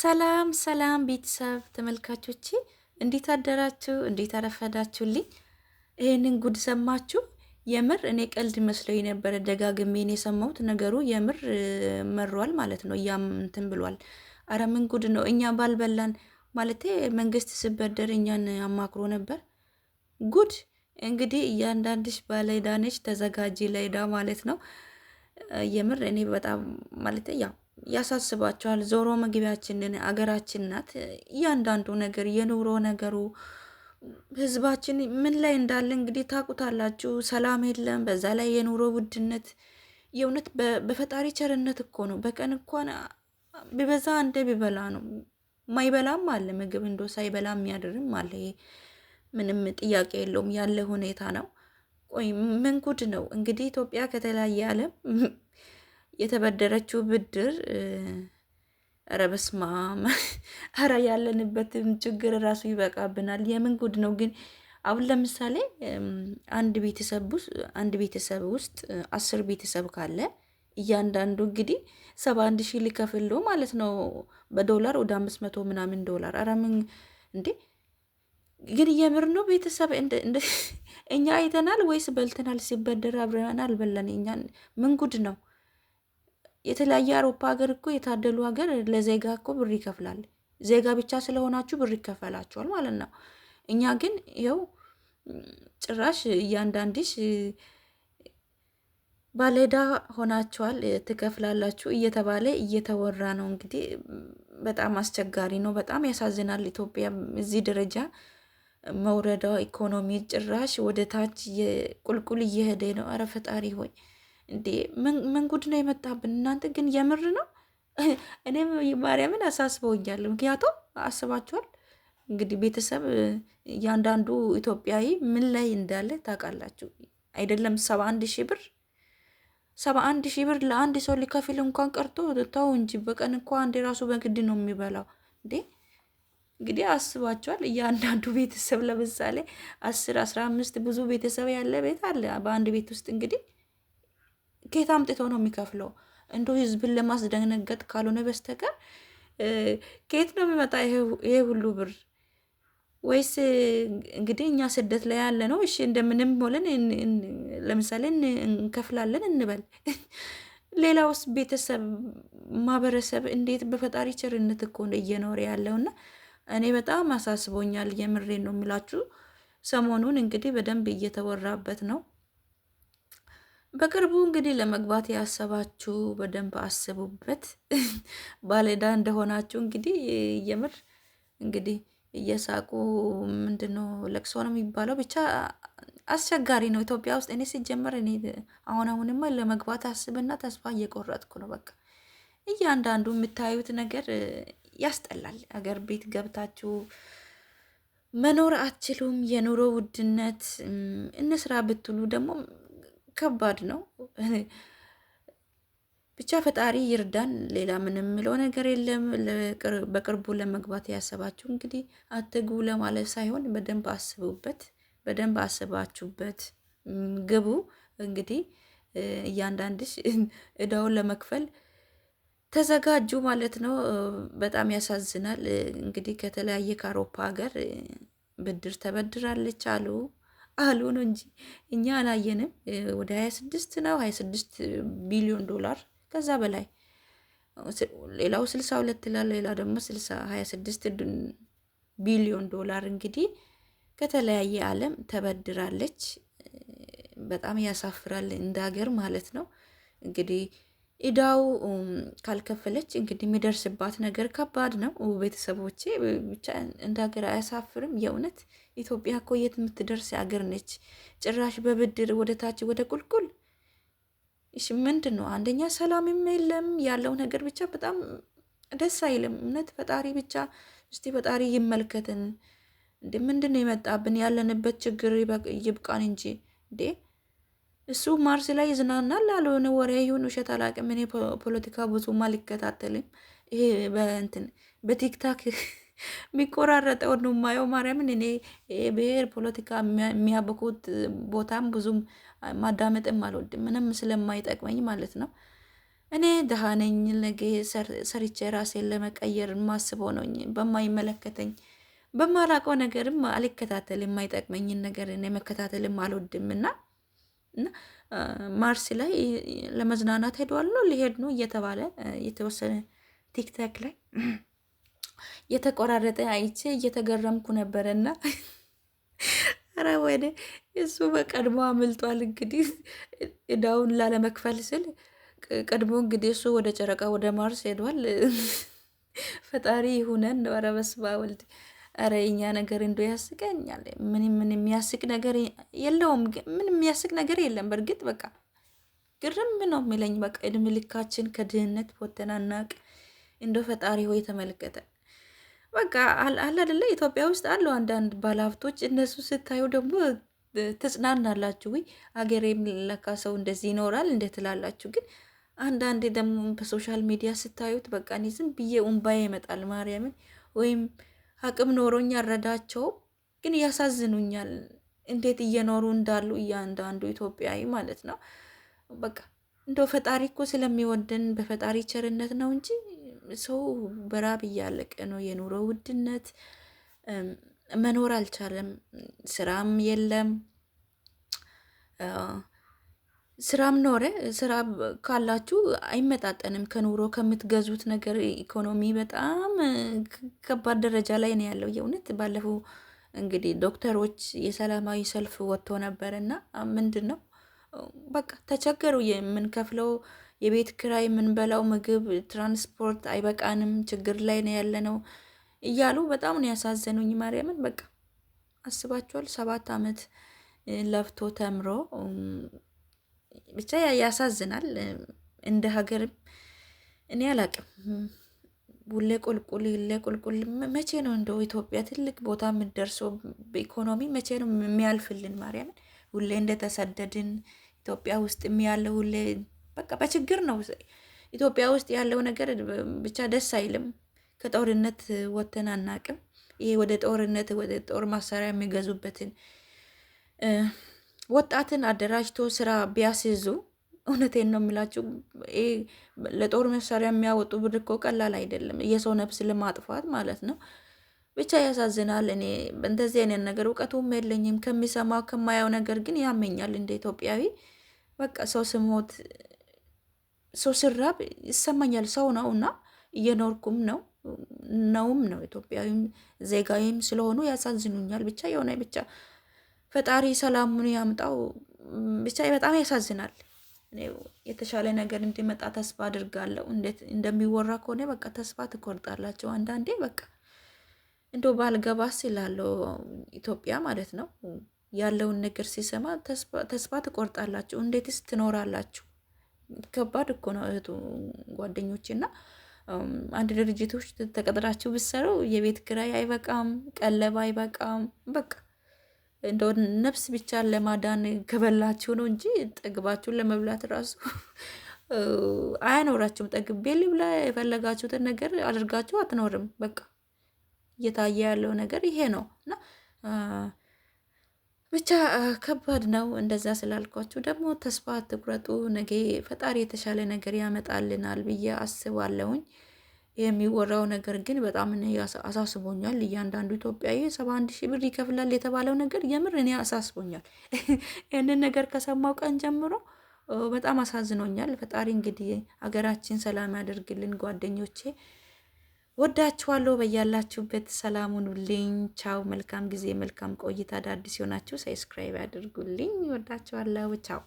ሰላም ሰላም ቤተሰብ ተመልካቾች እንዴት አደራችሁ? እንዴት አረፈዳችሁልኝ? ይህንን ጉድ ሰማችሁ? የምር እኔ ቀልድ መስለው የነበረ ደጋግሜ የሰማሁት ነገሩ የምር መሯል ማለት ነው። እያም እንትን ብሏል። አረ ምን ጉድ ነው! እኛ ባልበላን ማለት መንግስት ስበደር እኛን አማክሮ ነበር። ጉድ እንግዲህ እያንዳንድሽ ባለዕዳ ተዘጋጂ ላይዳ ማለት ነው። የምር እኔ በጣም ማለት ያው ያሳስባቸዋል። ዞሮ መግቢያችንን አገራችን ናት። እያንዳንዱ ነገር የኑሮ ነገሩ ህዝባችን ምን ላይ እንዳለ እንግዲህ ታውቁታላችሁ። ሰላም የለም። በዛ ላይ የኑሮ ውድነት የእውነት በፈጣሪ ቸርነት እኮ ነው። በቀን እንኳን ቢበዛ አንዴ ቢበላ ነው። ማይበላም አለ ምግብ እንዶ ሳይበላ የሚያድርም አለ። ምንም ጥያቄ የለውም ያለ ሁኔታ ነው። ቆይ ምን ጉድ ነው እንግዲህ ኢትዮጵያ ከተለያየ ዓለም የተበደረችው ብድር ኧረ በስመ አብ ኧረ ያለንበትም ችግር ራሱ ይበቃብናል። የምን ጉድ ነው ግን? አሁን ለምሳሌ አንድ ቤተሰብ ውስጥ አንድ ቤተሰብ ውስጥ አስር ቤተሰብ ካለ እያንዳንዱ እንግዲህ ሰባ አንድ ሺህ ሊከፍል ማለት ነው በዶላር ወደ አምስት መቶ ምናምን ዶላር። ኧረ ምን እንዴ! ግን የምር ነው ቤተሰብ እኛ አይተናል ወይስ በልተናል? ሲበደር አብረናል በለን እኛን ምን ጉድ ነው? የተለያየ አውሮፓ ሀገር እኮ የታደሉ ሀገር ለዜጋ እኮ ብር ይከፍላል። ዜጋ ብቻ ስለሆናችሁ ብር ይከፈላችኋል ማለት ነው። እኛ ግን ይኸው ጭራሽ እያንዳንድሽ ባለዕዳ ሆናችኋል ትከፍላላችሁ እየተባለ እየተወራ ነው። እንግዲህ በጣም አስቸጋሪ ነው። በጣም ያሳዝናል። ኢትዮጵያ እዚህ ደረጃ መውረዷ ኢኮኖሚ ጭራሽ ወደ ታች ቁልቁል እየሄደ ነው። አረ ፈጣሪ ሆይ እንዴ ምን ጉድ ነው የመጣብን? እናንተ ግን የምር ነው። እኔም ማርያምን አሳስበውኛል። ምክንያቱም አስባችኋል እንግዲህ ቤተሰብ እያንዳንዱ ኢትዮጵያዊ ምን ላይ እንዳለ ታውቃላችሁ አይደለም? ሰባ አንድ ሺህ ብር ሰባ አንድ ሺህ ብር ለአንድ ሰው ሊከፍል እንኳን ቀርቶ ተው እንጂ በቀን እንኳ አንዴ ራሱ በግድ ነው የሚበላው እንዴ። እንግዲህ አስባችኋል እያንዳንዱ ቤተሰብ ለምሳሌ አስር አስራ አምስት ብዙ ቤተሰብ ያለ ቤት አለ በአንድ ቤት ውስጥ እንግዲህ ከየት አምጥቶ ነው የሚከፍለው? እንዶ ህዝብን ለማስደነገጥ ካልሆነ በስተቀር ከየት ነው የሚመጣ ይሄ ሁሉ ብር? ወይስ እንግዲህ እኛ ስደት ላይ ያለ ነው። እሺ እንደምንም ሆለን ለምሳሌ እንከፍላለን እንበል። ሌላውስ ቤተሰብ፣ ማህበረሰብ እንዴት በፈጣሪ ቸርነት እኮ እየኖረ ያለውና እኔ በጣም አሳስቦኛል። የምሬን ነው የምላችሁ። ሰሞኑን እንግዲህ በደንብ እየተወራበት ነው። በቅርቡ እንግዲህ ለመግባት ያሰባችሁ በደንብ አስቡበት። ባለዕዳ እንደሆናችሁ እንግዲህ የምር እንግዲህ እየሳቁ ምንድነው ለቅሶ ነው የሚባለው። ብቻ አስቸጋሪ ነው ኢትዮጵያ ውስጥ። እኔ ሲጀመር እኔ አሁን አሁንማ ለመግባት አስብና ተስፋ እየቆረጥኩ ነው። በቃ እያንዳንዱ የምታዩት ነገር ያስጠላል። አገር ቤት ገብታችሁ መኖር አትችሉም። የኑሮ ውድነት እንስራ ብትሉ ደግሞ ከባድ ነው። ብቻ ፈጣሪ ይርዳን። ሌላ ምንም የምለው ነገር የለም። በቅርቡ ለመግባት ያሰባችሁ እንግዲህ አትጉ ለማለት ሳይሆን በደንብ አስቡበት፣ በደንብ አስባችሁበት ግቡ። እንግዲህ እያንዳንድሽ እዳውን ለመክፈል ተዘጋጁ ማለት ነው። በጣም ያሳዝናል። እንግዲህ ከተለያየ ከአውሮፓ ሀገር ብድር ተበድራለች አሉ አሉ ነው እንጂ እኛ አላየንም። ወደ 26 ነው 26 ቢሊዮን ዶላር ከዛ በላይ ሌላው 62 ይላል። ሌላ ደግሞ 26 ቢሊዮን ዶላር እንግዲህ ከተለያየ ዓለም ተበድራለች። በጣም ያሳፍራል፣ እንደ ሀገር ማለት ነው እንግዲህ ኢዳው ካልከፈለች እንግዲህ የሚደርስባት ነገር ከባድ ነው። ቤተሰቦቼ ብቻ እንደ ሀገር አያሳፍርም። የእውነት ኢትዮጵያ እኮ የት የምትደርስ ሀገር ነች? ጭራሽ በብድር ወደ ታች ወደ ቁልቁል። እሺ ምንድን ነው? አንደኛ ሰላምም የለም ያለው ነገር ብቻ በጣም ደስ አይልም። እውነት ፈጣሪ ብቻ እስቲ ፈጣሪ ይመልከትን። እንደ ምንድን ነው የመጣብን? ያለንበት ችግር ይብቃን እንጂ እንዴ እሱ ማርስ ላይ ይዝናናል ላለሆነ ወሬ ይሁን ውሸት አላውቅም። እኔ ፖለቲካ ብዙም አልከታተልም። ይሄ በእንትን በቲክታክ የሚቆራረጠው ነው የማየው። ማርያምን እኔ ብሔር ፖለቲካ የሚያበኩት ቦታም ብዙም ማዳመጥም አልወድም፣ ምንም ስለማይጠቅመኝ ማለት ነው። እኔ ደሃ ነኝ፣ ነገ ሰርቼ ራሴን ለመቀየር ማስበው ነው። በማይመለከተኝ በማላውቀው ነገርም አልከታተልም። የማይጠቅመኝን ነገር እኔ መከታተልም አልወድም እና እና ማርስ ላይ ለመዝናናት ሄደዋለሁ ሊሄድ ነው እየተባለ የተወሰነ ቲክታክ ላይ የተቆራረጠ አይቼ እየተገረምኩ ነበረና ኧረ ወይኔ እሱ በቀድሞ አምልጧል። እንግዲህ እዳውን ላለመክፈል ስል ቀድሞ እንግዲህ እሱ ወደ ጨረቃ ወደ ማርስ ሄዷል። ፈጣሪ ይሁነን። ኧረ በስመ አብ ወልድ ኧረ የእኛ ነገር እንዶ ያስቀኛል። ምን ምን የሚያስቅ ነገር የለውም። ምን የሚያስቅ ነገር የለም። በእርግጥ በቃ ግርም ነው የሚለኝ በቃ እድሜ ልካችን ከድህነት ወተናናቅ እንደ ፈጣሪ ሆይ ተመልከተ። በቃ አለ አይደለ ኢትዮጵያ ውስጥ አለው አንዳንድ ባለሀብቶች፣ እነሱ ስታዩ ደግሞ ተጽናናላችሁ። ወይ አገሬም ለካ ሰው እንደዚህ ይኖራል እንደ ትላላችሁ። ግን አንዳንዴ ደግሞ በሶሻል ሚዲያ ስታዩት በቃ እኔ ዝም ብዬ ኡምባዬ ይመጣል ማርያምን ወይም አቅም ኖሮኝ ያረዳቸው ግን ያሳዝኑኛል። እንዴት እየኖሩ እንዳሉ እያንዳንዱ ኢትዮጵያዊ ማለት ነው። በቃ እንደው ፈጣሪ እኮ ስለሚወደን በፈጣሪ ቸርነት ነው እንጂ ሰው በራብ እያለቀ ነው። የኑሮ ውድነት መኖር አልቻለም። ስራም የለም። ስራም ኖረ ስራ ካላችሁ አይመጣጠንም ከኑሮ ከምትገዙት ነገር ኢኮኖሚ በጣም ከባድ ደረጃ ላይ ነው ያለው። የእውነት ባለፈው እንግዲህ ዶክተሮች የሰላማዊ ሰልፍ ወጥቶ ነበር እና ምንድን ነው በቃ ተቸገሩ። የምንከፍለው የቤት ክራይ የምንበላው ምግብ፣ ትራንስፖርት አይበቃንም፣ ችግር ላይ ነው ነው እያሉ በጣም ነው ያሳዘኑኝ። ማርያምን በቃ አስባችኋል? ሰባት አመት ለፍቶ ተምሮ ብቻ ያሳዝናል። እንደ ሀገርም እኔ አላቅም ሁሌ ቁልቁል ሌ ቁልቁል መቼ ነው እንደው ኢትዮጵያ ትልቅ ቦታ የምደርሰው? በኢኮኖሚ መቼ ነው የሚያልፍልን? ማርያምን ሁሌ እንደተሰደድን ኢትዮጵያ ውስጥ ያለው ውሌ በቃ በችግር ነው። ኢትዮጵያ ውስጥ ያለው ነገር ብቻ ደስ አይልም። ከጦርነት ወተን አናቅም። ይሄ ወደ ጦርነት ወደ ጦር ማሰሪያ የሚገዙበትን ወጣትን አደራጅቶ ስራ ቢያስይዙ እውነቴን ነው የሚላችሁ፣ ለጦር መሳሪያ የሚያወጡ ብር እኮ ቀላል አይደለም። የሰው ነፍስ ለማጥፋት ማለት ነው። ብቻ ያሳዝናል። እኔ እንደዚህ አይነት ነገር እውቀቱም የለኝም። ከሚሰማው ከማየው ነገር ግን ያመኛል። እንደ ኢትዮጵያዊ በቃ ሰው ስሞት፣ ሰው ስራብ ይሰማኛል። ሰው ነው እና እየኖርኩም ነው ነውም ነው ኢትዮጵያዊም ዜጋዊም ስለሆኑ ያሳዝኑኛል። ብቻ የሆነ ብቻ ፈጣሪ ሰላሙን ያምጣው። ብቻ በጣም ያሳዝናል። የተሻለ ነገር እንዲመጣ ተስፋ አድርጋለሁ። እንዴት እንደሚወራ ከሆነ በቃ ተስፋ ትቆርጣላቸው። አንዳንዴ በቃ እንደው ባልገባስ ይላለው ኢትዮጵያ ማለት ነው። ያለውን ነገር ሲሰማ ተስፋ ትቆርጣላችሁ። እንዴትስ ትኖራላችሁ? ከባድ እኮ ነው እህቱ ጓደኞች እና አንድ ድርጅቶች ተቀጥራችሁ ብትሰሩ የቤት ክራይ አይበቃም፣ ቀለብ አይበቃም። በቃ እንደ ነፍስ ብቻ ለማዳን ከበላችሁ ነው እንጂ ጠግባችሁን ለመብላት ራሱ አያኖራችሁም። ጠግቤ ልብላ የፈለጋችሁትን ነገር አድርጋችሁ አትኖርም። በቃ እየታየ ያለው ነገር ይሄ ነው እና ብቻ ከባድ ነው። እንደዛ ስላልኳችሁ ደግሞ ተስፋ አትቁረጡ። ነገ ፈጣሪ የተሻለ ነገር ያመጣልናል ብዬ አስባለሁኝ። የሚወራው ነገር ግን በጣም እኔ አሳስቦኛል። እያንዳንዱ ኢትዮጵያዊ ሰባ አንድ ሺህ ብር ይከፍላል የተባለው ነገር የምር እኔ አሳስቦኛል። ይህንን ነገር ከሰማው ቀን ጀምሮ በጣም አሳዝኖኛል። ፈጣሪ እንግዲህ ሀገራችን ሰላም ያደርግልን። ጓደኞቼ ወዳችኋለሁ። በያላችሁበት ሰላሙን ቻው። መልካም ጊዜ፣ መልካም ቆይታ። አዳዲስ የሆናችሁ ሰብስክራይብ ያድርጉልኝ። ወዳችኋለሁ። ቻው